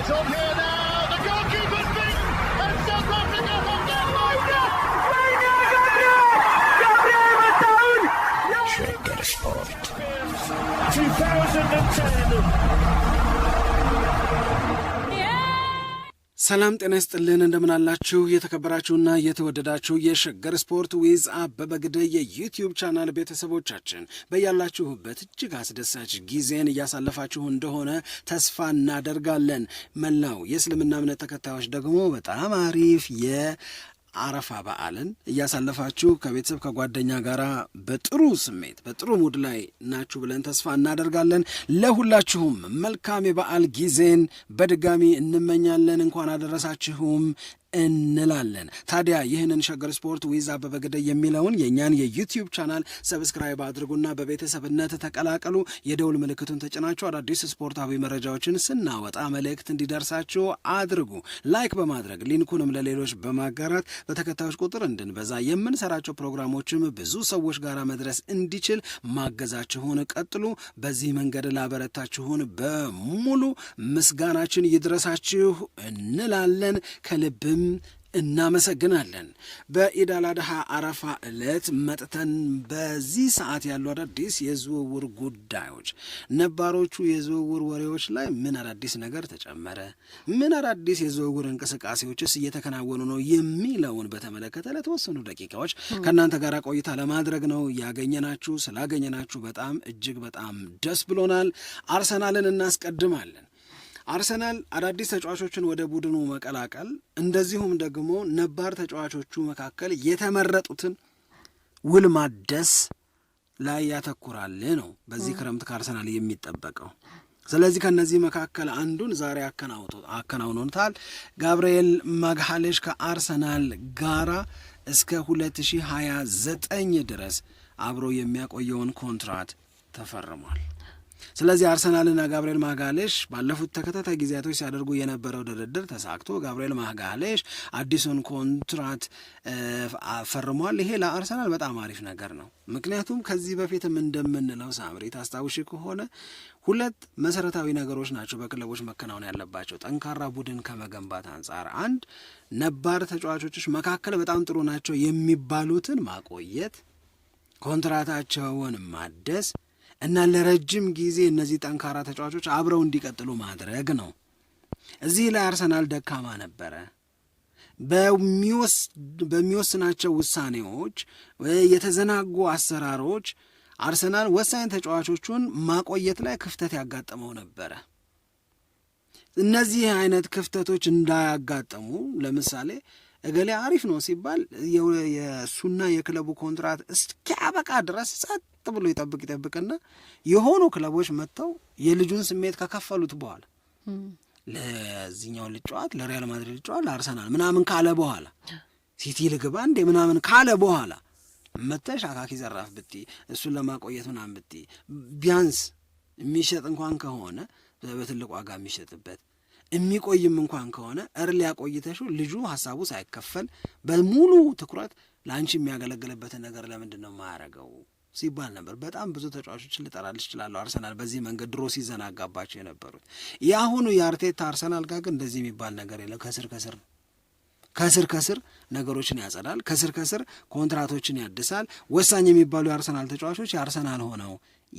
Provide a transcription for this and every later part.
is okay. ሰላም ጤና ይስጥልን እንደምናላችሁ የተከበራችሁና የተወደዳችሁ የሸገር ስፖርት ዊዝ አበበ ግደይ የዩትዩብ ቻናል ቤተሰቦቻችን በያላችሁበት እጅግ አስደሳች ጊዜን እያሳለፋችሁ እንደሆነ ተስፋ እናደርጋለን። መላው የእስልምና እምነት ተከታዮች ደግሞ በጣም አሪፍ የ አረፋ በዓልን እያሳለፋችሁ ከቤተሰብ ከጓደኛ ጋር በጥሩ ስሜት በጥሩ ሙድ ላይ ናችሁ ብለን ተስፋ እናደርጋለን። ለሁላችሁም መልካም የበዓል ጊዜን በድጋሚ እንመኛለን። እንኳን አደረሳችሁም። እንላለን። ታዲያ ይህንን ሸገር ስፖርት ዊዝ አበበ ግደይ የሚለውን የእኛን የዩቲዩብ ቻናል ሰብስክራይብ አድርጉና በቤተሰብነት ተቀላቀሉ። የደውል ምልክቱን ተጭናችሁ አዳዲስ ስፖርታዊ መረጃዎችን ስናወጣ መልእክት እንዲደርሳችሁ አድርጉ። ላይክ በማድረግ ሊንኩንም ለሌሎች በማጋራት በተከታዮች ቁጥር እንድንበዛ የምንሰራቸው ፕሮግራሞችም ብዙ ሰዎች ጋር መድረስ እንዲችል ማገዛችሁን ቀጥሉ። በዚህ መንገድ ላበረታችሁን በሙሉ ምስጋናችን ይድረሳችሁ እንላለን ከልብም ስም እናመሰግናለን። በኢድ አል አድሃ አረፋ ዕለት መጥተን በዚህ ሰዓት ያሉ አዳዲስ የዝውውር ጉዳዮች፣ ነባሮቹ የዝውውር ወሬዎች ላይ ምን አዳዲስ ነገር ተጨመረ፣ ምን አዳዲስ የዝውውር እንቅስቃሴዎችስ እየተከናወኑ ነው የሚለውን በተመለከተ ለተወሰኑ ደቂቃዎች ከእናንተ ጋር ቆይታ ለማድረግ ነው ያገኘናችሁ። ስላገኘናችሁ በጣም እጅግ በጣም ደስ ብሎናል። አርሰናልን እናስቀድማለን። አርሰናል አዳዲስ ተጫዋቾችን ወደ ቡድኑ መቀላቀል እንደዚሁም ደግሞ ነባር ተጫዋቾቹ መካከል የተመረጡትን ውል ማደስ ላይ ያተኩራል ነው በዚህ ክረምት ከአርሰናል የሚጠበቀው። ስለዚህ ከእነዚህ መካከል አንዱን ዛሬ አከናውኖታል። ጋብርኤል ማግሃሌሽ ከአርሰናል ጋራ እስከ 2029 ድረስ አብሮ የሚያቆየውን ኮንትራት ተፈርሟል። ስለዚህ አርሰናልና ጋብርኤል ማጋሌሽ ባለፉት ተከታታይ ጊዜያቶች ሲያደርጉ የነበረው ድርድር ተሳክቶ ጋብርኤል ማጋሌሽ አዲሱን ኮንትራት ፈርሟል። ይሄ ለአርሰናል በጣም አሪፍ ነገር ነው። ምክንያቱም ከዚህ በፊትም እንደምንለው ሳምሪ ታስታውሽ ከሆነ ሁለት መሰረታዊ ነገሮች ናቸው በክለቦች መከናወን ያለባቸው ጠንካራ ቡድን ከመገንባት አንጻር፣ አንድ ነባር ተጫዋቾች መካከል በጣም ጥሩ ናቸው የሚባሉትን ማቆየት፣ ኮንትራታቸውን ማደስ እና ለረጅም ጊዜ እነዚህ ጠንካራ ተጫዋቾች አብረው እንዲቀጥሉ ማድረግ ነው። እዚህ ላይ አርሰናል ደካማ ነበረ። በሚወስናቸው ውሳኔዎች፣ የተዘናጉ አሰራሮች አርሰናል ወሳኝ ተጫዋቾቹን ማቆየት ላይ ክፍተት ያጋጠመው ነበረ። እነዚህ አይነት ክፍተቶች እንዳያጋጠሙ ለምሳሌ እገሌ አሪፍ ነው ሲባል የእሱና የክለቡ ኮንትራት እስኪያበቃ ድረስ ጸጥ ብሎ ይጠብቅ ይጠብቅና የሆኑ ክለቦች መጥተው የልጁን ስሜት ከከፈሉት በኋላ ለዚህኛው ልጫዋት ለሪያል ማድሪድ ልጫዋት ለአርሰናል ምናምን ካለ በኋላ ሲቲ ልግባ እንዴ ምናምን ካለ በኋላ መተሽ አካኪ ዘራፍ ብቲ እሱን ለማቆየት ምናምን ብቲ ቢያንስ የሚሸጥ እንኳን ከሆነ በትልቅ ዋጋ የሚሸጥበት የሚቆይም እንኳን ከሆነ እርሊ ያቆይተሹ ልጁ ሀሳቡ ሳይከፈል በሙሉ ትኩረት ለአንቺ የሚያገለግልበትን ነገር ለምንድን ነው የማያደርገው? ሲባል ነበር። በጣም ብዙ ተጫዋቾችን ልጠራል እችላለሁ። አርሰናል በዚህ መንገድ ድሮ ሲዘናጋባቸው የነበሩት የአሁኑ የአርቴታ አርሰናል ጋር ግን እንደዚህ የሚባል ነገር የለም። ከስር ከስር ከስር ከስር ነገሮችን ያጸዳል። ከስር ከስር ኮንትራቶችን ያድሳል። ወሳኝ የሚባሉ የአርሰናል ተጫዋቾች የአርሰናል ሆነው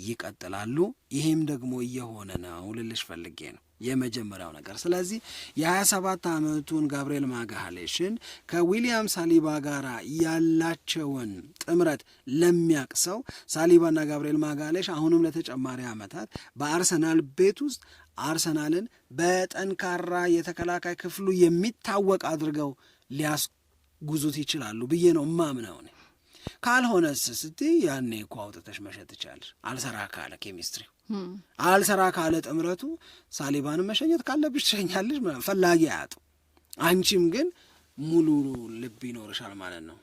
ይቀጥላሉ። ይህም ደግሞ እየሆነ ነው ልልሽ ፈልጌ ነው የመጀመሪያው ነገር። ስለዚህ የ27 ዓመቱን ጋብርኤል ማጋሌሽን ከዊሊያም ሳሊባ ጋር ያላቸውን ጥምረት ለሚያቅ ሰው ሳሊባና ጋብርኤል ማጋሌሽ አሁንም ለተጨማሪ ዓመታት በአርሰናል ቤት ውስጥ አርሰናልን በጠንካራ የተከላካይ ክፍሉ የሚታወቅ አድርገው ሊያስጉዙት ይችላሉ ብዬ ነው እማምነው። ካልሆነስ ስትይ ያኔ እኮ አውጥተሽ መሸጥ ትቻለሽ። አልሰራ ካለ ኬሚስትሪ አልሰራ ካለ ጥምረቱ ሳሊባን መሸኘት ካለብሽ ትሸኛለሽ። ፈላጊ አያጡ። አንቺም ግን ሙሉ ልብ ይኖርሻል ማለት ነው።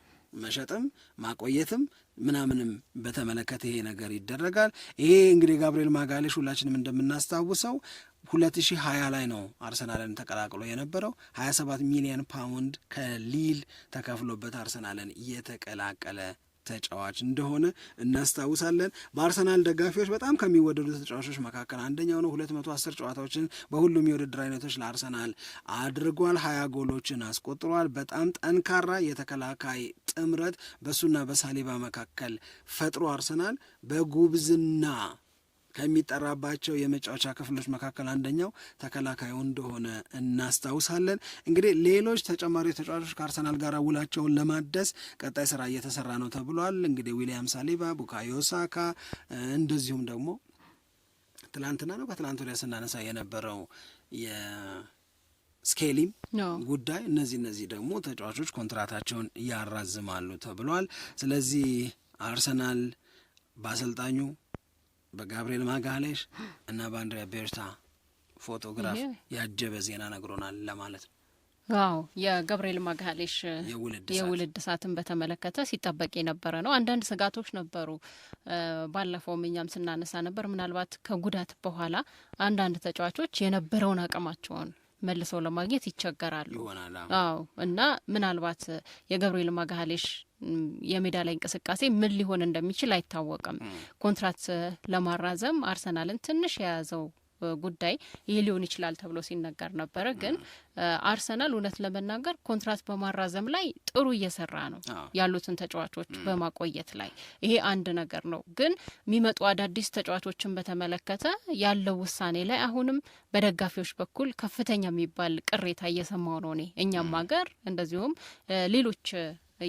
መሸጥም ማቆየትም ምናምንም በተመለከተ ይሄ ነገር ይደረጋል። ይሄ እንግዲህ ጋብርኤል ማጋሌሽ ሁላችንም እንደምናስታውሰው ሁለት ሀያ ላይ ነው አርሰናልን ተቀላቅሎ የነበረው። ሀያ ሰባት ሚሊዮን ፓውንድ ከሊል ተከፍሎበት አርሰናልን እየተቀላቀለ ተጫዋች እንደሆነ እናስታውሳለን። በአርሰናል ደጋፊዎች በጣም ከሚወደዱ ተጫዋቾች መካከል አንደኛው ነው። አስር ጨዋታዎችን በሁሉም የውድድር አይነቶች ለአርሰናል አድርጓል። ሀያ ጎሎችን አስቆጥሯል። በጣም ጠንካራ የተከላካይ ጥምረት በሱና በሳሊባ መካከል ፈጥሮ አርሰናል በጉብዝና ከሚጠራባቸው የመጫወቻ ክፍሎች መካከል አንደኛው ተከላካዩ እንደሆነ እናስታውሳለን። እንግዲህ ሌሎች ተጨማሪ ተጫዋቾች ከአርሰናል ጋር ውላቸውን ለማደስ ቀጣይ ስራ እየተሰራ ነው ተብሏል። እንግዲህ ዊሊያም ሳሊባ፣ ቡካዮ ሳካ እንደዚሁም ደግሞ ትላንትና ነው ከትላንት ወዲያ ስናነሳ የነበረው ስኬሊም ጉዳይ እነዚህ እነዚህ ደግሞ ተጫዋቾች ኮንትራታቸውን ያራዝማሉ ተብሏል። ስለዚህ አርሰናል በአሰልጣኙ በጋብርኤል ማጋሌሽ እና በአንድሪያ ቤርታ ፎቶግራፍ ያጀበ ዜና ነግሮናል ለማለት ነው። አዎ የገብርኤል ማጋሌሽ የውልድ ሰዓትን በተመለከተ ሲጠበቅ የነበረ ነው። አንዳንድ ስጋቶች ነበሩ። ባለፈውም እኛም ስናነሳ ነበር። ምናልባት ከጉዳት በኋላ አንዳንድ ተጫዋቾች የነበረውን አቅማቸውን መልሰው ለማግኘት ይቸገራሉ። አዎ እና ምናልባት የገብርኤል ማጋሌሽ የሜዳ ላይ እንቅስቃሴ ምን ሊሆን እንደሚችል አይታወቅም። ኮንትራት ለማራዘም አርሰናልን ትንሽ የያዘው ጉዳይ ይህ ሊሆን ይችላል ተብሎ ሲነገር ነበረ። ግን አርሰናል እውነት ለመናገር ኮንትራት በማራዘም ላይ ጥሩ እየሰራ ነው ያሉትን ተጫዋቾች በማቆየት ላይ ይሄ አንድ ነገር ነው። ግን የሚመጡ አዳዲስ ተጫዋቾችን በተመለከተ ያለው ውሳኔ ላይ አሁንም በደጋፊዎች በኩል ከፍተኛ የሚባል ቅሬታ እየሰማው ነው እኔ እኛም ሀገር እንደዚሁም ሌሎች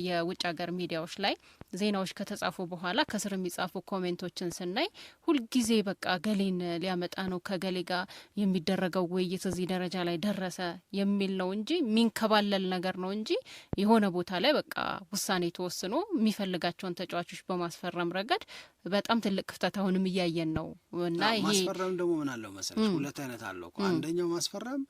የውጭ ሀገር ሚዲያዎች ላይ ዜናዎች ከተጻፉ በኋላ ከስር የሚጻፉ ኮሜንቶችን ስናይ ሁልጊዜ በቃ ገሌን ሊያመጣ ነው ከገሌ ጋር የሚደረገው ውይይት እዚህ ደረጃ ላይ ደረሰ የሚል ነው እንጂ የሚንከባለል ነገር ነው እንጂ የሆነ ቦታ ላይ በቃ ውሳኔ ተወስኖ የሚፈልጋቸውን ተጫዋቾች በማስፈረም ረገድ በጣም ትልቅ ክፍተት አሁንም እያየን ነው እና ይሄ ማስፈረም ደግሞ ምን አለው መሰለሽ ሁለት አይነት አለው አንደኛው ማስፈረም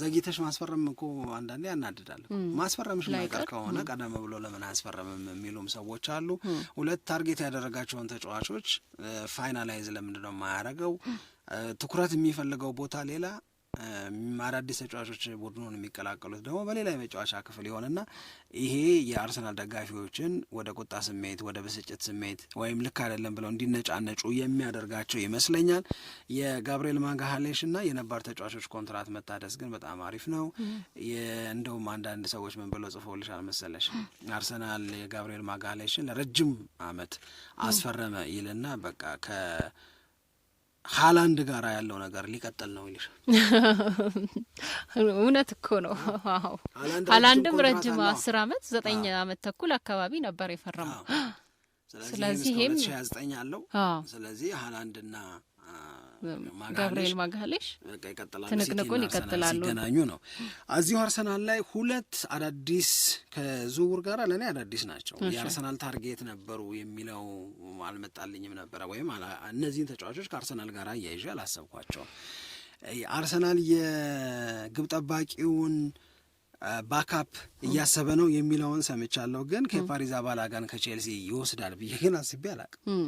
ዘግይተሽ ማስፈረም እኮ አንዳንዴ ያናድዳል። ማስፈረምሽ ማይቀር ከሆነ ቀደም ብሎ ለምን አያስፈረምም የሚሉም ሰዎች አሉ። ሁለት ታርጌት ያደረጋቸውን ተጫዋቾች ፋይናላይዝ ለምንድነው የማያደርገው? ትኩረት የሚፈልገው ቦታ ሌላ አዳዲስ ተጫዋቾች ቡድኑን የሚቀላቀሉት ደግሞ በሌላ የመጫወቻ ክፍል የሆነና ይሄ የአርሰናል ደጋፊዎችን ወደ ቁጣ ስሜት፣ ወደ ብስጭት ስሜት ወይም ልክ አይደለም ብለው እንዲነጫነጩ የሚያደርጋቸው ይመስለኛል። የጋብርኤል ማጋሃሌሽ እና የነባር ተጫዋቾች ኮንትራት መታደስ ግን በጣም አሪፍ ነው። እንደውም አንዳንድ ሰዎች ምን ብለው ጽፎልሻል መሰለሽ አርሰናል የጋብርኤል ማጋሃሌሽን ለረጅም አመት አስፈረመ ይልና በቃ ከ ሀላንድ ጋር ያለው ነገር ሊቀጥል ነው ይልሻል። እውነት እኮ ነው። ሀላንድም ረጅም አስር አመት ዘጠኝ አመት ተኩል አካባቢ ነበር የፈረመው። ስለዚህ ይሄም ይህም ዘጠኝ አለው። ስለዚህ ሀላንድና ገብርኤል ማጋሌሽ ትንቅንቁን ይቀጥላሉ ሲገናኙ ነው። እዚሁ አርሰናል ላይ ሁለት አዳዲስ ከዝውውር ጋር ለእኔ አዳዲስ ናቸው። የአርሰናል ታርጌት ነበሩ የሚለው አልመጣልኝም ነበረ ወይም እነዚህን ተጫዋቾች ከአርሰናል ጋር እያይዤ አላሰብኳቸውም። አርሰናል የግብ ጠባቂውን ባካፕ እያሰበ ነው የሚለውን ሰምቻለሁ፣ ግን ከፓሪዝ አባላጋን ከቼልሲ ይወስዳል ብዬ ግን አስቤ አላቅም።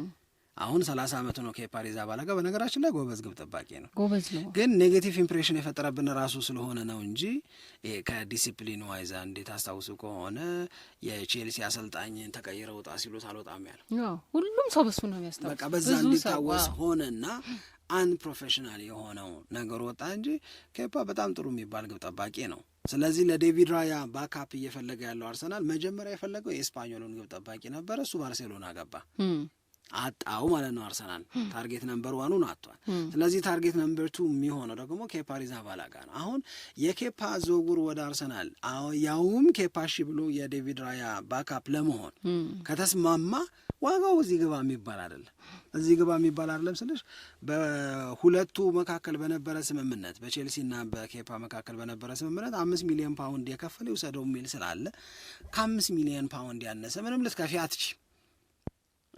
አሁን ሰላሳ ዓመቱ ነው። ከፓሪዝ አባላ ጋር በነገራችን ላይ ጎበዝ ግብ ጠባቂ ነው፣ ጎበዝ ነው። ግን ኔጌቲቭ ኢምፕሬሽን የፈጠረብን ራሱ ስለሆነ ነው እንጂ ከዲሲፕሊን ዋይዝ እንዴት አስታውሱ ከሆነ የቼልሲ አሰልጣኝ ተቀይረ ወጣ ሲሉት አልወጣም ያለው ሁሉም ሰው በሱ ነው የሚያስታውስ። በቃ በዛ እንዲታወስ ሆነና አን ፕሮፌሽናል የሆነው ነገር ወጣ እንጂ ኬፓ በጣም ጥሩ የሚባል ግብ ጠባቂ ነው። ስለዚህ ለዴቪድ ራያ ባካፕ እየፈለገ ያለው አርሰናል መጀመሪያ የፈለገው የስፓኞሉን ግብ ጠባቂ ነበረ። እሱ ባርሴሎና ገባ። አጣው ማለት ነው። አርሰናል ታርጌት ነምበር ዋኑን አጥቷል። ስለዚህ ታርጌት ነምበር ቱ የሚሆነው ደግሞ ኬፓ አሪዛባላጋ ነው። አሁን የኬፓ ዝውውር ወደ አርሰናል ያውም ኬፓ ሺ ብሎ የዴቪድ ራያ ባካፕ ለመሆን ከተስማማ ዋጋው እዚህ ግባ የሚባል አይደለም። እዚህ ግባ የሚባል አይደለም ስልሽ በሁለቱ መካከል በነበረ ስምምነት በቼልሲና በኬፓ መካከል በነበረ ስምምነት አምስት ሚሊዮን ፓውንድ የከፈለ ይውሰደው የሚል ስላለ ከአምስት ሚሊዮን ፓውንድ ያነሰ ምንም ልትከፊ አትችም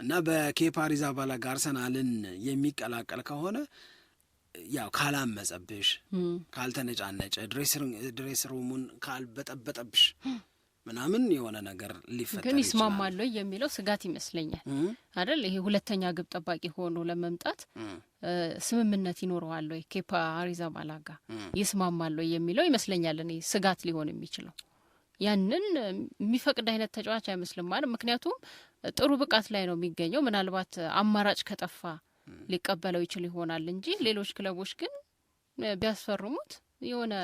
እና በኬፓ አሪዛባላጋ አርሰናልን የሚቀላቀል ከሆነ ያው ካላመጸብሽ፣ ካልተነጫነጨ፣ ድሬስ ሩሙን ካልበጠበጠብሽ ምናምን የሆነ ነገር ሊፈጠር ግን ይስማማሉ የሚለው ስጋት ይመስለኛል አይደል? ይሄ ሁለተኛ ግብ ጠባቂ ሆኖ ለመምጣት ስምምነት ይኖረዋል ወይ ኬፓ አሪዛባላጋ ይስማማሉ የሚለው ይመስለኛል እኔ ስጋት ሊሆን የሚችለው ያንን የሚፈቅድ አይነት ተጫዋች አይመስልም ማለት ምክንያቱም ጥሩ ብቃት ላይ ነው የሚገኘው። ምናልባት አማራጭ ከጠፋ ሊቀበለው ይችል ይሆናል እንጂ ሌሎች ክለቦች ግን ቢያስፈርሙት የሆነ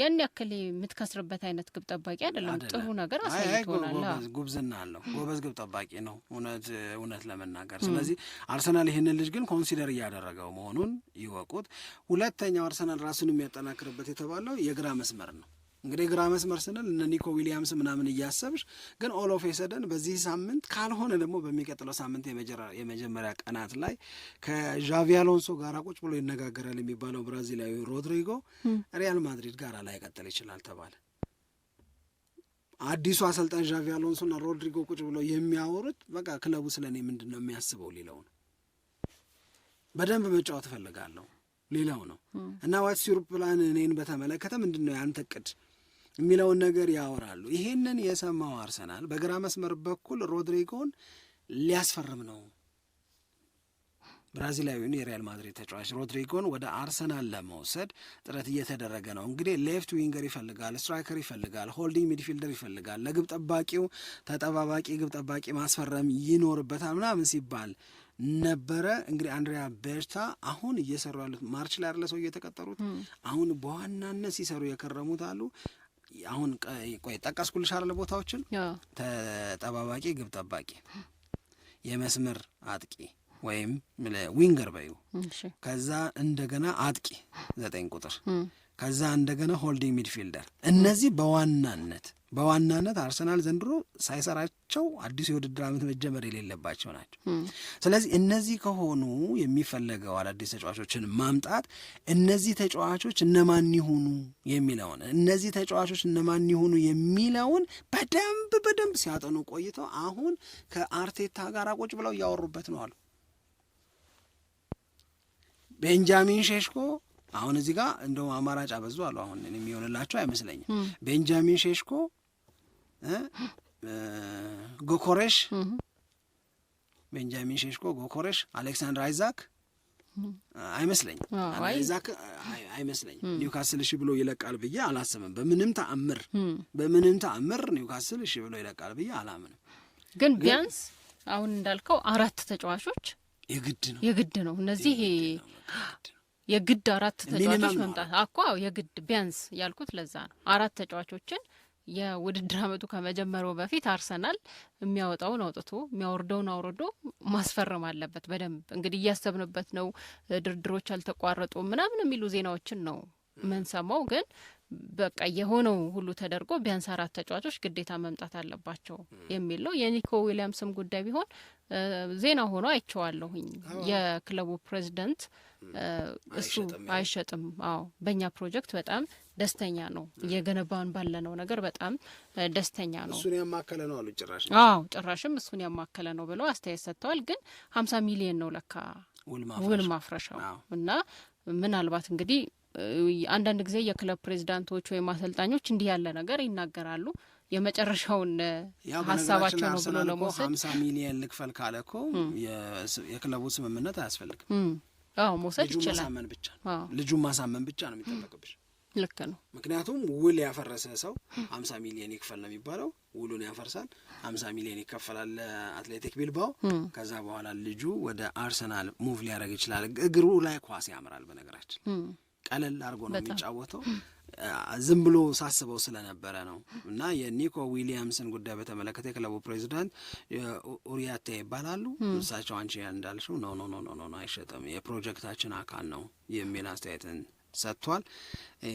ያን ያክል የምትከስርበት አይነት ግብ ጠባቂ አይደለም። ጥሩ ነገር አሳይቶናል። ጉብዝና አለው፣ ጎበዝ ግብ ጠባቂ ነው እውነት እውነት ለመናገር ስለዚህ አርሰናል ይህንን ልጅ ግን ኮንሲደር እያደረገው መሆኑን ይወቁት። ሁለተኛው አርሰናል ራሱን የሚያጠናክርበት የተባለው የግራ መስመር ነው። እንግዲህ ግራ መስመር ስንል እነ ኒኮ ዊሊያምስ ምናምን እያሰብሽ ግን ኦሎፍ የሰደን በዚህ ሳምንት ካልሆነ ደግሞ በሚቀጥለው ሳምንት የመጀመሪያ ቀናት ላይ ከዣቪ አሎንሶ ጋር ቁጭ ብሎ ይነጋገራል የሚባለው ብራዚላዊ ሮድሪጎ ሪያል ማድሪድ ጋር ላይቀጥል ይችላል ተባለ። አዲሱ አሰልጣኝ ዣቪ አሎንሶና ሮድሪጎ ቁጭ ብሎ የሚያወሩት በቃ ክለቡ ስለ እኔ ምንድን ነው የሚያስበው ሊለው ነው። በደንብ መጫወት እፈልጋለሁ ሌላው ነው እና ዋትስ ዩር ፕላን እኔን በተመለከተ ምንድን ነው ያንተ እቅድ የሚለውን ነገር ያወራሉ። ይሄንን የሰማው አርሰናል በግራ መስመር በኩል ሮድሪጎን ሊያስፈርም ነው። ብራዚላዊውን የሪያል ማድሪድ ተጫዋች ሮድሪጎን ወደ አርሰናል ለመውሰድ ጥረት እየተደረገ ነው። እንግዲህ ሌፍት ዊንገር ይፈልጋል፣ ስትራይከር ይፈልጋል፣ ሆልዲንግ ሚድፊልደር ይፈልጋል፣ ለግብ ጠባቂው ተጠባባቂ ግብ ጠባቂ ማስፈረም ይኖርበታል ምናምን ሲባል ነበረ። እንግዲህ አንድሪያ ቤርታ አሁን እየሰሩ ያሉት ማርች ላይ አይደለ ሰው እየተቀጠሩት አሁን በዋናነት ሲሰሩ የከረሙት አሉ አሁን ቆይ ጠቀስኩልሽ አለ ቦታዎችን ተጠባባቂ ግብ ጠባቂ፣ የመስመር አጥቂ ወይም ዊንገር በዩ፣ ከዛ እንደገና አጥቂ ዘጠኝ ቁጥር፣ ከዛ እንደገና ሆልዲንግ ሚድፊልደር። እነዚህ በዋናነት በዋናነት አርሰናል ዘንድሮ ሳይሰራቸው አዲሱ የውድድር ዓመት መጀመር የሌለባቸው ናቸው። ስለዚህ እነዚህ ከሆኑ የሚፈለገው አዳዲስ ተጫዋቾችን ማምጣት እነዚህ ተጫዋቾች እነማን ይሁኑ የሚለውን እነዚህ ተጫዋቾች እነማን ይሁኑ የሚለውን በደንብ በደንብ ሲያጠኑ ቆይተው አሁን ከአርቴታ ጋር ቁጭ ብለው እያወሩበት ነው አሉ። ቤንጃሚን ሼሽኮ አሁን እዚህ ጋር እንደውም አማራጭ አበዙ አሉ። አሁን የሚሆንላቸው አይመስለኝም። ቤንጃሚን ሼሽኮ ጎኮሬሽ፣ ቤንጃሚን ሼሽኮ፣ ጎኮሬሽ፣ አሌክሳንድር አይዛክ አይመስለኝ አይዛክ አይመስለኝ ኒውካስል እሺ ብሎ ይለቃል ብዬ አላስብም። በምንም ተአምር በምንም ተአምር ኒውካስል እሺ ብሎ ይለቃል ብዬ አላምንም። ግን ቢያንስ አሁን እንዳልከው አራት ተጫዋቾች የግድ ነው የግድ ነው እነዚህ የግድ አራት ተጫዋቾች መምጣት አኳ የግድ ቢያንስ ያልኩት ለዛ ነው አራት ተጫዋቾችን የውድድር አመቱ ከመጀመሩ በፊት አርሰናል የሚያወጣውን አውጥቶ የሚያወርደውን አውርዶ ማስፈረም አለበት። በደንብ እንግዲህ እያሰብንበት ነው፣ ድርድሮች አልተቋረጡም ምናምን የሚሉ ዜናዎችን ነው ምንሰማው ግን በቃ የሆነው ሁሉ ተደርጎ ቢያንስ አራት ተጫዋቾች ግዴታ መምጣት አለባቸው የሚል ነው። የኒኮ ዊሊያምስም ጉዳይ ቢሆን ዜና ሆኖ አይቸዋለሁኝ የክለቡ ፕሬዚደንት እሱ አይሸጥም፣ አዎ በእኛ ፕሮጀክት በጣም ደስተኛ ነው፣ እየገነባን ባለነው ነገር በጣም ደስተኛ ነው፣ እሱን ያማከለ ነው አሉ። ጭራሽ አዎ ጭራሽም እሱን ያማከለ ነው ብለው አስተያየት ሰጥተዋል። ግን ሀምሳ ሚሊየን ነው ለካ ውል ማፍረሻው እና ምናልባት እንግዲህ አንዳንድ ጊዜ የክለብ ፕሬዚዳንቶች ወይም አሰልጣኞች እንዲህ ያለ ነገር ይናገራሉ። የመጨረሻውን ሀሳባቸው ነው ብሎ ለመውሰድ ሀምሳ ሚሊየን ልክፈል ካለ ኮ የክለቡ ስምምነት አያስፈልግም። አዎ መውሰድ ይችላል። ማሳመን ብቻ ነው ልጁን ማሳመን ብቻ ነው የሚጠበቅብሽ። ልክ ነው። ምክንያቱም ውል ያፈረሰ ሰው ሀምሳ ሚሊየን ይክፈል ነው የሚባለው። ውሉን ያፈርሳል። ሀምሳ ሚሊየን ይከፈላል ለአትሌቲክ ቢልባው። ከዛ በኋላ ልጁ ወደ አርሰናል ሙቭ ሊያደርግ ይችላል። እግሩ ላይ ኳስ ያምራል። በነገራችን ቀለል አድርጎ ነው የሚጫወተው። ዝም ብሎ ሳስበው ስለነበረ ነው እና የኒኮ ዊሊያምስን ጉዳይ በተመለከተ የክለቡ ፕሬዚዳንት ኡሪያቴ ይባላሉ። እሳቸው አንቺ እንዳልሽው ነው ኖ ኖ ኖ አይሸጥም፣ የፕሮጀክታችን አካል ነው የሚል አስተያየትን ሰጥቷል።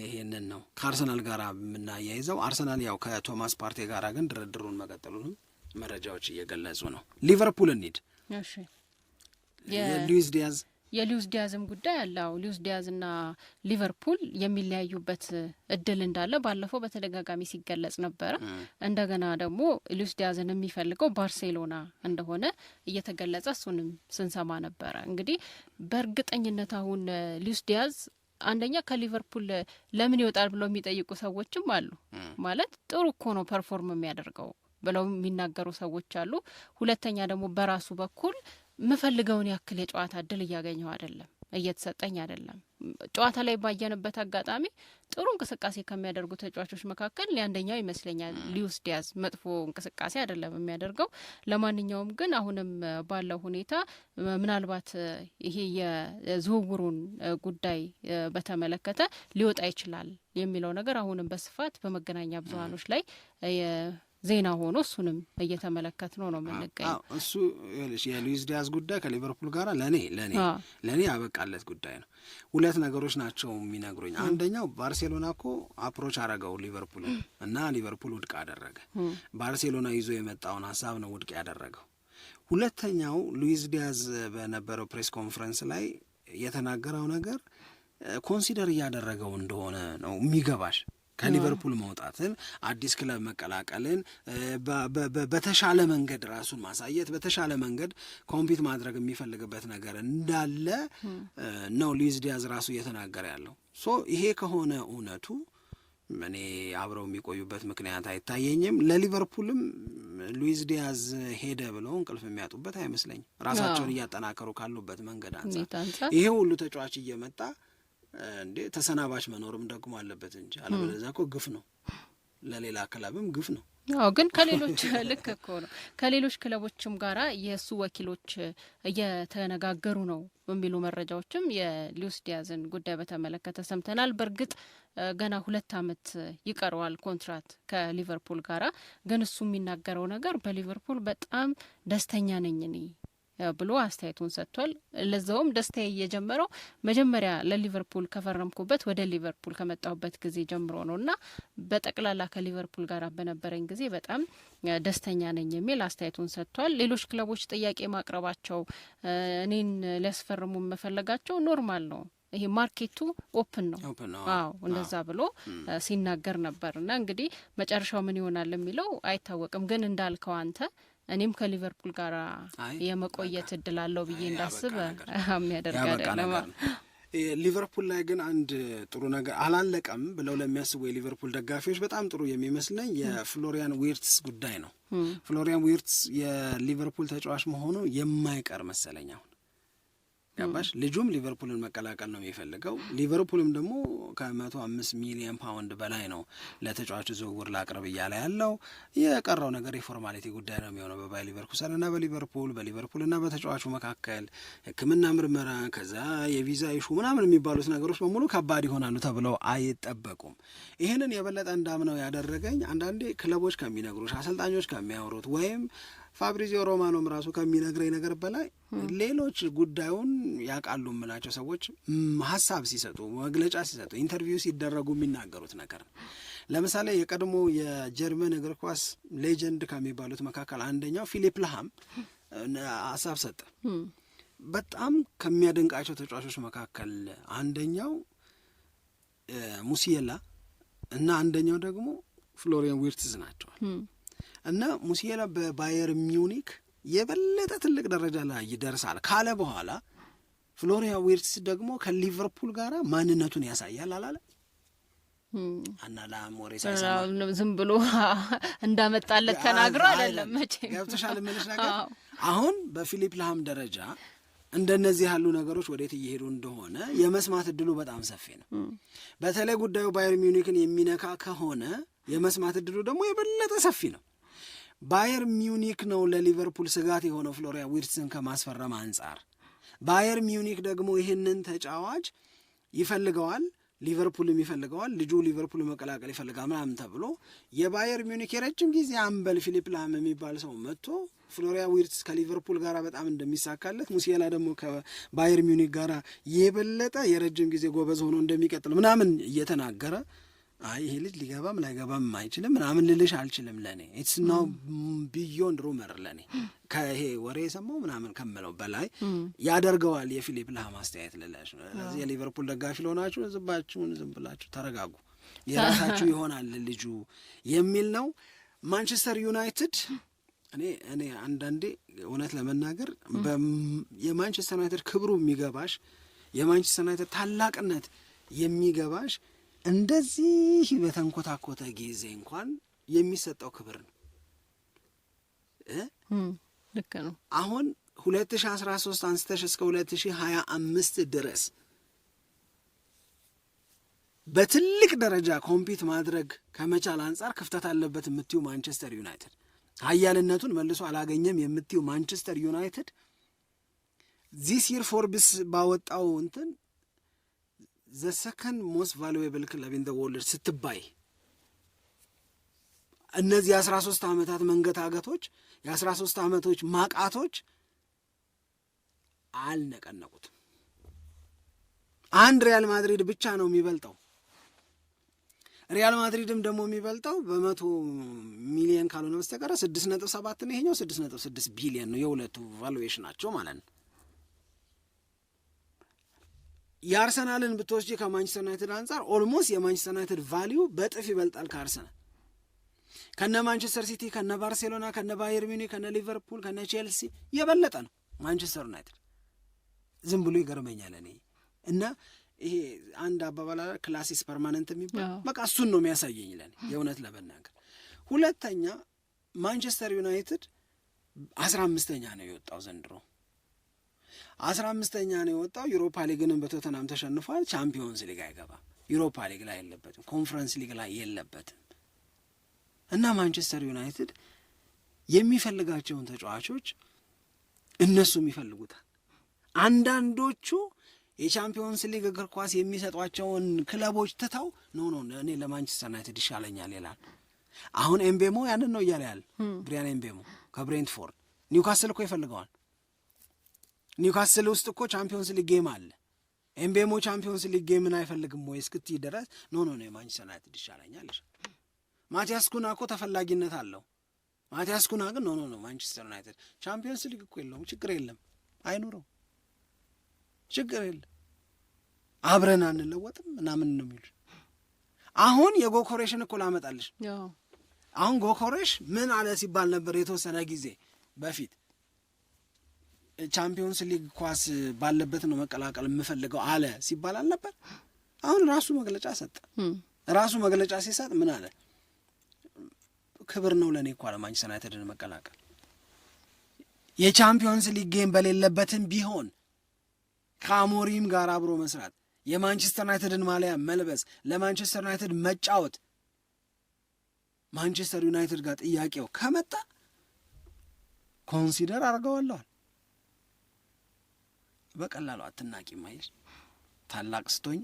ይሄንን ነው ከአርሰናል ጋር የምናያይዘው። አርሰናል ያው ከቶማስ ፓርቴ ጋር ግን ድርድሩን መቀጠሉንም መረጃዎች እየገለጹ ነው። ሊቨርፑል እንሂድ። ሉዊስ ዲያዝ የሊውስ ዲያዝም ጉዳይ አለው። አዎ ዲያዝ ሊቨርፑል የሚለያዩበት እድል እንዳለ ባለፈው በተደጋጋሚ ሲገለጽ ነበረ። እንደገና ደግሞ ሉዊስ ዲያዝን የሚፈልገው ባርሴሎና እንደሆነ እየተገለጸ እሱንም ስንሰማ ነበረ። እንግዲህ በእርግጠኝነት አሁን ሉዊስ ዲያዝ አንደኛ ከሊቨርፑል ለምን ይወጣል ብለው የሚጠይቁ ሰዎችም አሉ። ማለት ጥሩ እኮ ነው ፐርፎርም የሚያደርገው ብለው የሚናገሩ ሰዎች አሉ። ሁለተኛ ደግሞ በራሱ በኩል የምፈልገውን ያክል የጨዋታ እድል እያገኘው አይደለም፣ እየተሰጠኝ አይደለም። ጨዋታ ላይ ባየንበት አጋጣሚ ጥሩ እንቅስቃሴ ከሚያደርጉ ተጫዋቾች መካከል አንደኛው ይመስለኛል ሊዩስ ዲያዝ። መጥፎ እንቅስቃሴ አይደለም የሚያደርገው። ለማንኛውም ግን አሁንም ባለው ሁኔታ ምናልባት ይሄ የዝውውሩን ጉዳይ በተመለከተ ሊወጣ ይችላል የሚለው ነገር አሁንም በስፋት በመገናኛ ብዙሀኖች ላይ ዜና ሆኖ እሱንም እየተመለከት ነው ነው የምንገኘው። እሱ የሉዊዝ ዲያዝ ጉዳይ ከሊቨርፑል ጋር ለእኔ ለእኔ ለእኔ ያበቃለት ጉዳይ ነው። ሁለት ነገሮች ናቸው የሚነግሩኝ። አንደኛው ባርሴሎና እኮ አፕሮች አረገው ሊቨርፑል እና ሊቨርፑል ውድቅ አደረገ። ባርሴሎና ይዞ የመጣውን ሀሳብ ነው ውድቅ ያደረገው። ሁለተኛው ሉዊዝ ዲያዝ በነበረው ፕሬስ ኮንፈረንስ ላይ የተናገረው ነገር ኮንሲደር እያደረገው እንደሆነ ነው የሚገባሽ ከሊቨርፑል መውጣትን አዲስ ክለብ መቀላቀልን በተሻለ መንገድ ራሱን ማሳየት በተሻለ መንገድ ኮምፒት ማድረግ የሚፈልግበት ነገር እንዳለ ነው ሉዊስ ዲያዝ ራሱ እየተናገረ ያለው። ሶ ይሄ ከሆነ እውነቱ እኔ አብረው የሚቆዩበት ምክንያት አይታየኝም። ለሊቨርፑልም ሉዊስ ዲያዝ ሄደ ብለው እንቅልፍ የሚያጡበት አይመስለኝም። ራሳቸውን እያጠናከሩ ካሉበት መንገድ አንጻር ይሄ ሁሉ ተጫዋች እየመጣ እንዴ ተሰናባች መኖርም ደግሞ አለበት እንጂ አለበለዚያ እኮ ግፍ ነው፣ ለሌላ ክለብም ግፍ ነው። አዎ ግን ከሌሎች ልክ እኮ ነው ከሌሎች ክለቦችም ጋራ የእሱ ወኪሎች እየተነጋገሩ ነው የሚሉ መረጃዎችም የሊዩስ ዲያዝን ጉዳይ በተመለከተ ሰምተናል። በእርግጥ ገና ሁለት አመት ይቀረዋል ኮንትራት ከሊቨርፑል ጋራ፣ ግን እሱ የሚናገረው ነገር በሊቨርፑል በጣም ደስተኛ ነኝ እኔ ብሎ አስተያየቱን ሰጥቷል። ለዛውም ደስታ የጀመረው መጀመሪያ ለሊቨርፑል ከፈረምኩበት ወደ ሊቨርፑል ከመጣሁበት ጊዜ ጀምሮ ነው እና በጠቅላላ ከሊቨርፑል ጋር በነበረኝ ጊዜ በጣም ደስተኛ ነኝ የሚል አስተያየቱን ሰጥቷል። ሌሎች ክለቦች ጥያቄ ማቅረባቸው፣ እኔን ሊያስፈርሙ መፈለጋቸው ኖርማል ነው። ይሄ ማርኬቱ ኦፕን ነው። አዎ እንደዛ ብሎ ሲናገር ነበር እና እንግዲህ መጨረሻው ምን ይሆናል የሚለው አይታወቅም። ግን እንዳልከው አንተ እኔም ከሊቨርፑል ጋር የመቆየት እድል አለው ብዬ እንዳስብ የሚያደርግ ሊቨርፑል ላይ ግን አንድ ጥሩ ነገር አላለቀም ብለው ለሚያስቡ የሊቨርፑል ደጋፊዎች በጣም ጥሩ የሚመስለኝ የፍሎሪያን ዊርትስ ጉዳይ ነው። ፍሎሪያን ዊርትስ የሊቨርፑል ተጫዋች መሆኑ የማይቀር መሰለኝ አሁን ገባሽ ልጁም ሊቨርፑልን መቀላቀል ነው የሚፈልገው። ሊቨርፑልም ደግሞ ከመቶ አምስት ሚሊዮን ፓውንድ በላይ ነው ለተጫዋቹ ዝውውር ላቅርብ እያለ ያለው። የቀረው ነገር የፎርማሊቲ ጉዳይ ነው የሚሆነው በባይ ሊቨርኩሰንና በሊቨርፑል በሊቨርፑልና በተጫዋቹ መካከል ሕክምና ምርመራ፣ ከዛ የቪዛ ይሹ ምናምን የሚባሉት ነገሮች በሙሉ ከባድ ይሆናሉ ተብለው አይጠበቁም። ይህንን የበለጠ እንዳምነው ያደረገኝ አንዳንዴ ክለቦች ከሚነግሩሽ አሰልጣኞች ከሚያወሩት ወይም ፋብሪዚዮ ሮማኖም ራሱ ከሚነግረኝ ነገር በላይ ሌሎች ጉዳዩን ያውቃሉ የምላቸው ሰዎች ሀሳብ ሲሰጡ፣ መግለጫ ሲሰጡ፣ ኢንተርቪው ሲደረጉ የሚናገሩት ነገር ለምሳሌ የቀድሞ የጀርመን እግር ኳስ ሌጀንድ ከሚባሉት መካከል አንደኛው ፊሊፕ ላሃም ሀሳብ ሰጠ። በጣም ከሚያደንቃቸው ተጫዋቾች መካከል አንደኛው ሙሲየላ እና አንደኛው ደግሞ ፍሎሪያን ዊርትዝ ናቸዋል። እና ሙሲያላ በባየር ሚዩኒክ የበለጠ ትልቅ ደረጃ ላይ ይደርሳል ካለ በኋላ ፍሎሪያ ዊርትስ ደግሞ ከሊቨርፑል ጋር ማንነቱን ያሳያል አላለ አና ለአሞሬ ሳይሰማ ዝም ብሎ እንዳመጣለት ተናግሮ አይደለም። መቼ ገብተሻል የምልሽ ነገር አሁን በፊሊፕ ላም ደረጃ እንደነዚህ ያሉ ነገሮች ወዴት እየሄዱ እንደሆነ የመስማት እድሉ በጣም ሰፊ ነው። በተለይ ጉዳዩ ባየር ሚዩኒክን የሚነካ ከሆነ የመስማት እድሉ ደግሞ የበለጠ ሰፊ ነው። ባየር ሚውኒክ ነው ለሊቨርፑል ስጋት የሆነው ፍሎሪያ ዊርትስን ከማስፈረም አንጻር። ባየር ሚውኒክ ደግሞ ይህንን ተጫዋች ይፈልገዋል፣ ሊቨርፑልም ይፈልገዋል፣ ልጁ ሊቨርፑል መቀላቀል ይፈልጋል ምናምን ተብሎ የባየር ሚዩኒክ የረጅም ጊዜ አምበል ፊሊፕ ላም የሚባል ሰው መጥቶ ፍሎሪያ ዊርትስ ከሊቨርፑል ጋር በጣም እንደሚሳካለት ሙሲያላ ደግሞ ከባየር ሚዩኒክ ጋር የበለጠ የረጅም ጊዜ ጎበዝ ሆኖ እንደሚቀጥል ምናምን እየተናገረ አይ ይሄ ልጅ ሊገባም ላይገባም አይችልም ምናምን ልልሽ አልችልም። ለእኔ ኢትስ ናው ቢዮንድ ሩመር ለእኔ ከይሄ ወሬ የሰማው ምናምን ከምለው በላይ ያደርገዋል። የፊሊፕ ላም አስተያየት ልለሽ ነው። ስለዚህ የሊቨርፑል ደጋፊ ለሆናችሁ ዝባችሁን ዝም ብላችሁ ተረጋጉ፣ የራሳችሁ ይሆናል ልጁ የሚል ነው። ማንቸስተር ዩናይትድ እኔ እኔ አንዳንዴ እውነት ለመናገር የማንቸስተር ዩናይትድ ክብሩ የሚገባሽ የማንቸስተር ዩናይትድ ታላቅነት የሚገባሽ እንደዚህ በተንኮታኮተ ጊዜ እንኳን የሚሰጠው ክብር ነው። ልክ ነው። አሁን ሁለት አስራ ሶስት አንስተሽ እስከ ሁለት ሀያ አምስት ድረስ በትልቅ ደረጃ ኮምፒት ማድረግ ከመቻል አንጻር ክፍተት አለበት የምትዩ ማንቸስተር ዩናይትድ፣ ሀያልነቱን መልሶ አላገኘም የምትዩ ማንቸስተር ዩናይትድ ዚስ ይር ፎርብስ ባወጣው እንትን ዘ ሰከንድ ሞስት ቫሉዌብል ክለብ ኢን ዘ ወርልድ ስትባይ እነዚህ የአስራ ሶስት ዓመታት መንገታገቶች የአስራ ሶስት ዓመቶች ማቃቶች አልነቀነቁትም። አንድ ሪያል ማድሪድ ብቻ ነው የሚበልጠው። ሪያል ማድሪድም ደግሞ የሚበልጠው በመቶ ሚሊየን ካልሆነ በስተቀረ ስድስት ነጥብ ሰባት ነው። ይሄኛው ስድስት ነጥብ ስድስት ቢሊየን ነው። የሁለቱ ቫሉዌሽን ናቸው ማለት ነው። የአርሰናልን ብትወስጂ ከማንቸስተር ዩናይትድ አንጻር ኦልሞስት የማንቸስተር ዩናይትድ ቫሊዩ በጥፍ ይበልጣል ከአርሰናል ከነ ማንቸስተር ሲቲ ከነ ባርሴሎና ከነ ባየር ሚኒ ከነ ሊቨርፑል ከነ ቼልሲ የበለጠ ነው ማንቸስተር ዩናይትድ ዝም ብሎ ይገርመኛል እኔ እና ይሄ አንድ አባባላ ክላሲስ ፐርማነንት የሚባል በቃ እሱን ነው የሚያሳየኝ ለኔ የእውነት ለመናገር ሁለተኛ ማንቸስተር ዩናይትድ አስራ አምስተኛ ነው የወጣው ዘንድሮ አስራ አምስተኛ ነው የወጣው። ዩሮፓ ሊግንም በቶተናም ተሸንፏል። ቻምፒዮንስ ሊግ አይገባም። ዩሮፓ ሊግ ላይ የለበትም። ኮንፈረንስ ሊግ ላይ የለበትም እና ማንቸስተር ዩናይትድ የሚፈልጋቸውን ተጫዋቾች እነሱም ይፈልጉታል። አንዳንዶቹ የቻምፒዮንስ ሊግ እግር ኳስ የሚሰጧቸውን ክለቦች ትተው ኖ ኖ እኔ ለማንቸስተር ዩናይትድ ይሻለኛል ይላል። አሁን ኤምቤሞ ያንን ነው እያለ ያለ ብሪያን ኤምቤሞ ከብሬንትፎርድ ኒውካስል እኮ ይፈልገዋል ኒውካስል ውስጥ እኮ ቻምፒዮንስ ሊግ ጌም አለ። ኤምቤሞ ቻምፒዮንስ ሊግ ጌምን አይፈልግም ወይ እስክት ድረስ ኖ ኖ ነው የማንቸስተር ዩናይትድ ይሻለኛል። ማቲያስ ኩና እኮ ተፈላጊነት አለው። ማቲያስ ኩና ግን ኖ ኖ ነው ማንቸስተር ዩናይትድ ቻምፒዮንስ ሊግ እኮ የለውም። ችግር የለም አይኑረው፣ ችግር የለም አብረን አንለወጥም ምናምን ነው አሁን የጎኮሬሽን እኮ ላመጣልሽ። አሁን ጎኮሬሽ ምን አለ ሲባል ነበር የተወሰነ ጊዜ በፊት ቻምፒዮንስ ሊግ ኳስ ባለበት ነው መቀላቀል የምፈልገው አለ ሲባል አልነበር። አሁን ራሱ መግለጫ ሰጠ። ራሱ መግለጫ ሲሰጥ ምን አለ? ክብር ነው ለእኔ እኮ ለማንቸስተር ዩናይትድን መቀላቀል የቻምፒዮንስ ሊግ ጌም በሌለበትም ቢሆን ከአሞሪም ጋር አብሮ መስራት፣ የማንቸስተር ዩናይትድን ማሊያ መልበስ፣ ለማንቸስተር ዩናይትድ መጫወት ማንቸስተር ዩናይትድ ጋር ጥያቄው ከመጣ ኮንሲደር አድርገዋለዋል። በቀላሉ አትናቂ ማይል ታላቅ ስቶኝ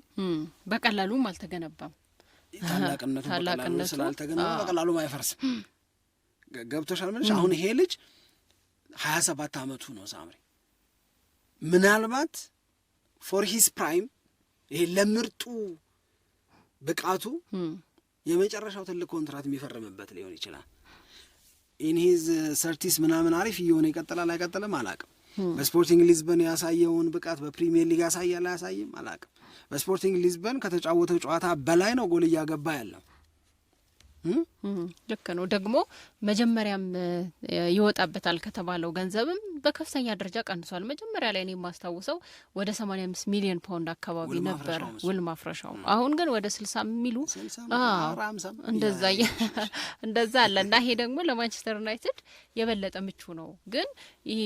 በቀላሉም አልተገነባም። ታላቅነቱ በቀላሉ ስላልተገነባ በቀላሉም አይፈርስም። ገብቶሻል ምንሽ? አሁን ይሄ ልጅ ሀያ ሰባት አመቱ ነው ሳምሪ። ምናልባት ፎር ሂስ ፕራይም ይሄ ለምርጡ ብቃቱ የመጨረሻው ትልቅ ኮንትራት የሚፈርምበት ሊሆን ይችላል። ኢንሂዝ ሰርቲስ ምናምን አሪፍ እየሆነ ይቀጥላል አይቀጥልም አላቅም። በስፖርቲንግ ሊዝበን ያሳየውን ብቃት በፕሪሚየር ሊግ ያሳያል አያሳይም አላቅም በስፖርቲንግ ሊዝበን ከተጫወተው ጨዋታ በላይ ነው ጎል እያገባ ያለው ልክ ነው። ደግሞ መጀመሪያም ይወጣበታል ከተባለው ገንዘብም በከፍተኛ ደረጃ ቀንሷል። መጀመሪያ ላይ እኔ የማስታውሰው ወደ ሰማኒያ አምስት ሚሊዮን ፓውንድ አካባቢ ነበር ውል ማፍረሻው፣ አሁን ግን ወደ ስልሳ የሚሉ እንደዛ እንደዛ አለ እና ይሄ ደግሞ ለማንቸስተር ዩናይትድ የበለጠ ምቹ ነው። ግን ይህ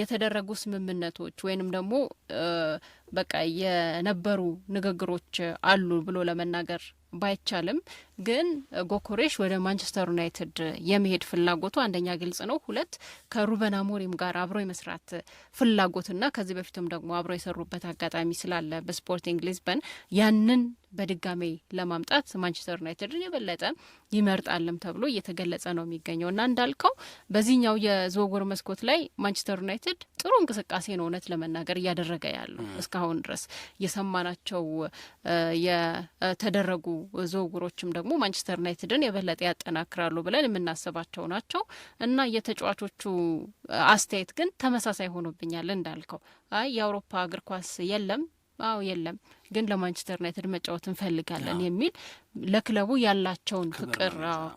የተደረጉ ስምምነቶች ወይንም ደግሞ በቃ የነበሩ ንግግሮች አሉ ብሎ ለመናገር ባይቻልም ግን ጎኮሬሽ ወደ ማንቸስተር ዩናይትድ የመሄድ ፍላጎቱ አንደኛ ግልጽ ነው። ሁለት ከሩበን አሞሪም ጋር አብሮ የመስራት ፍላጎትና ከዚህ በፊትም ደግሞ አብሮ የሰሩበት አጋጣሚ ስላለ በስፖርቲንግ ሊዝበን ያንን በድጋሜ ለማምጣት ማንቸስተር ዩናይትድን የበለጠ ይመርጣልም ተብሎ እየተገለጸ ነው የሚገኘው እና እንዳልከው በዚህኛው የዝውውር መስኮት ላይ ማንቸስተር ዩናይትድ ጥሩ እንቅስቃሴ ነው እውነት ለመናገር እያደረገ ያለው እስካሁን ድረስ የሰማናቸው የተደረጉ ዝውውሮችም ደግሞ ደግሞ ማንቸስተር ዩናይትድን የበለጠ ያጠናክራሉ ብለን የምናስባቸው ናቸው እና የተጫዋቾቹ አስተያየት ግን ተመሳሳይ ሆኖብኛል። እንዳልከው አይ የአውሮፓ እግር ኳስ የለም፣ አዎ የለም፣ ግን ለማንቸስተር ዩናይትድ መጫወት እንፈልጋለን የሚል ለክለቡ ያላቸውን ፍቅር፣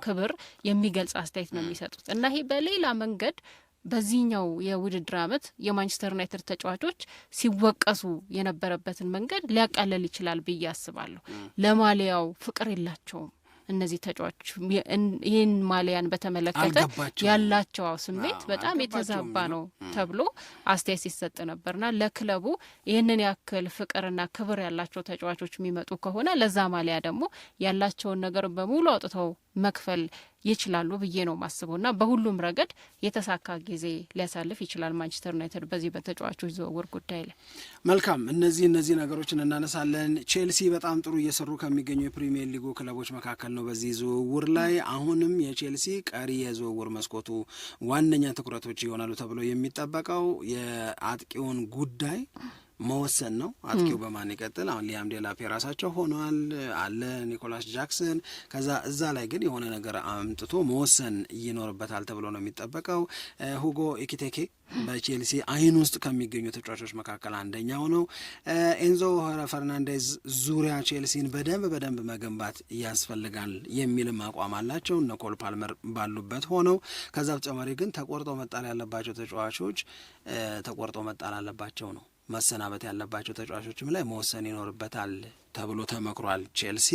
ክብር የሚገልጽ አስተያየት ነው የሚሰጡት እና ይሄ በሌላ መንገድ በዚህኛው የውድድር ዓመት የማንቸስተር ዩናይትድ ተጫዋቾች ሲወቀሱ የነበረበትን መንገድ ሊያቃለል ይችላል ብዬ አስባለሁ። ለማሊያው ፍቅር የላቸውም። እነዚህ ተጫዋቾች ይህን ማሊያን በተመለከተ ያላቸው ስሜት በጣም የተዛባ ነው ተብሎ አስተያየት ሲሰጥ ነበርና ለክለቡ ይህንን ያክል ፍቅርና ክብር ያላቸው ተጫዋቾች የሚመጡ ከሆነ ለዛ ማሊያ ደግሞ ያላቸውን ነገር በሙሉ አውጥተው መክፈል ይችላሉ ብዬ ነው ማስበው እና በሁሉም ረገድ የተሳካ ጊዜ ሊያሳልፍ ይችላል ማንቸስተር ዩናይትድ በዚህ በተጫዋቾች ዝውውር ጉዳይ ላይ። መልካም እነዚህ እነዚህ ነገሮችን እናነሳለን። ቼልሲ በጣም ጥሩ እየሰሩ ከሚገኙ የፕሪሚየር ሊጉ ክለቦች መካከል ነው በዚህ ዝውውር ላይ። አሁንም የቼልሲ ቀሪ የዝውውር መስኮቱ ዋነኛ ትኩረቶች ይሆናሉ ተብሎ የሚጠበቀው የአጥቂውን ጉዳይ መወሰን ነው። አጥቂው በማን ይቀጥል? አሁን ሊያም ዴላፔ ራሳቸው ሆኗል አለ ኒኮላስ ጃክሰን። ከዛ እዛ ላይ ግን የሆነ ነገር አምጥቶ መወሰን ይኖርበታል ተብሎ ነው የሚጠበቀው። ሁጎ ኢኪቴኬ በቼልሲ አይን ውስጥ ከሚገኙ ተጫዋቾች መካከል አንደኛው ነው። ኤንዞ ፈርናንዴዝ ዙሪያ ቼልሲን በደንብ በደንብ መገንባት ያስፈልጋል የሚልም አቋም አላቸው እነ ኮል ፓልመር ባሉበት ሆነው። ከዛ በተጨማሪ ግን ተቆርጦ መጣል ያለባቸው ተጫዋቾች ተቆርጦ መጣል አለባቸው ነው መሰናበት ያለባቸው ተጫዋቾችም ላይ መወሰን ይኖርበታል ተብሎ ተመክሯል። ቼልሲ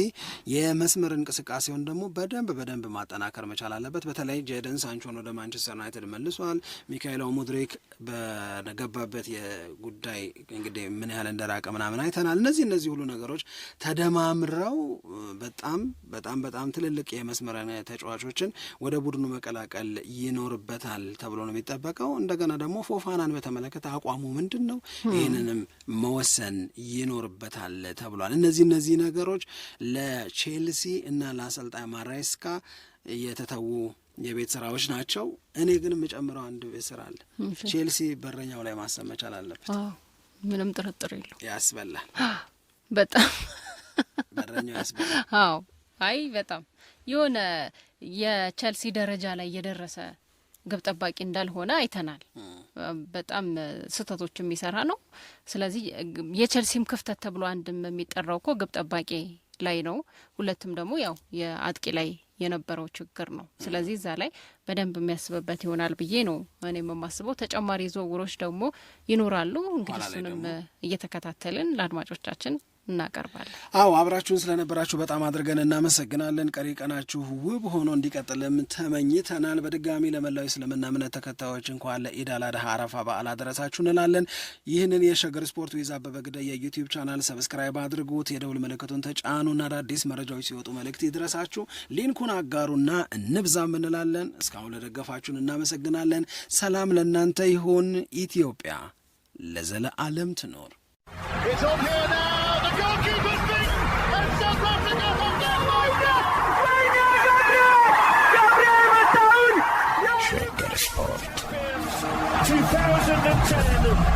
የመስመር እንቅስቃሴውን ደግሞ በደንብ በደንብ ማጠናከር መቻል አለበት። በተለይ ጄደን ሳንቾን ወደ ማንቸስተር ዩናይትድ መልሷል። ሚካኤል ሙድሪክ በገባበት የጉዳይ እንግዲህ ምን ያህል እንደራቀ ምናምን አይተናል። እነዚህ እነዚህ ሁሉ ነገሮች ተደማምረው በጣም በጣም በጣም ትልልቅ የመስመር ተጫዋቾችን ወደ ቡድኑ መቀላቀል ይኖርበታል ተብሎ ነው የሚጠበቀው። እንደገና ደግሞ ፎፋናን በተመለከተ አቋሙ ምንድን ነው? ይህንንም መወሰን ይኖርበታል ተብሏል። እነዚህ እነዚህ ነገሮች ለቼልሲ እና ለአሰልጣኝ ማራይስካ የተተዉ የቤት ስራዎች ናቸው። እኔ ግን የምጨምረው አንድ ቤት ስራ አለ። ቼልሲ በረኛው ላይ ማሰብ መቻል አለበት። ምንም ጥርጥር የለው። ያስበላል፣ በጣም በረኛው ያስበላል። አዎ፣ አይ በጣም የሆነ የቼልሲ ደረጃ ላይ የደረሰ ግብ ጠባቂ እንዳልሆነ አይተናል። በጣም ስህተቶች የሚሰራ ነው። ስለዚህ የቸልሲም ክፍተት ተብሎ አንድም የሚጠራው እኮ ግብ ጠባቂ ላይ ነው፣ ሁለትም ደግሞ ያው የአጥቂ ላይ የነበረው ችግር ነው። ስለዚህ እዛ ላይ በደንብ የሚያስብበት ይሆናል ብዬ ነው እኔ የማስበው። ተጨማሪ ዝውውሮች ደግሞ ይኖራሉ። እንግዲህ እሱንም እየተከታተልን ለአድማጮቻችን እናቀርባለን። አዎ አብራችሁን ስለነበራችሁ በጣም አድርገን እናመሰግናለን። ቀሪ ቀናችሁ ውብ ሆኖ እንዲቀጥልም ተመኝተናል። በድጋሚ ለመላው የእስልምና እምነት ተከታዮች እንኳን ለኢድ አረፋ በዓል አደረሳችሁ እንላለን። ይህንን የሸገር ስፖርት ዊዛ አበበ ግደይ የዩቲዩብ ቻናል ሰብስክራይብ አድርጉት፣ የደውል ምልክቱን ተጫኑና አዳዲስ መረጃዎች ሲወጡ መልእክት ይድረሳችሁ፣ ሊንኩን አጋሩና እንብዛም እንላለን። እስካሁን ለደገፋችሁን እናመሰግናለን። ሰላም ለእናንተ ይሁን። ኢትዮጵያ ለዘለዓለም ትኖር። Sport. 2010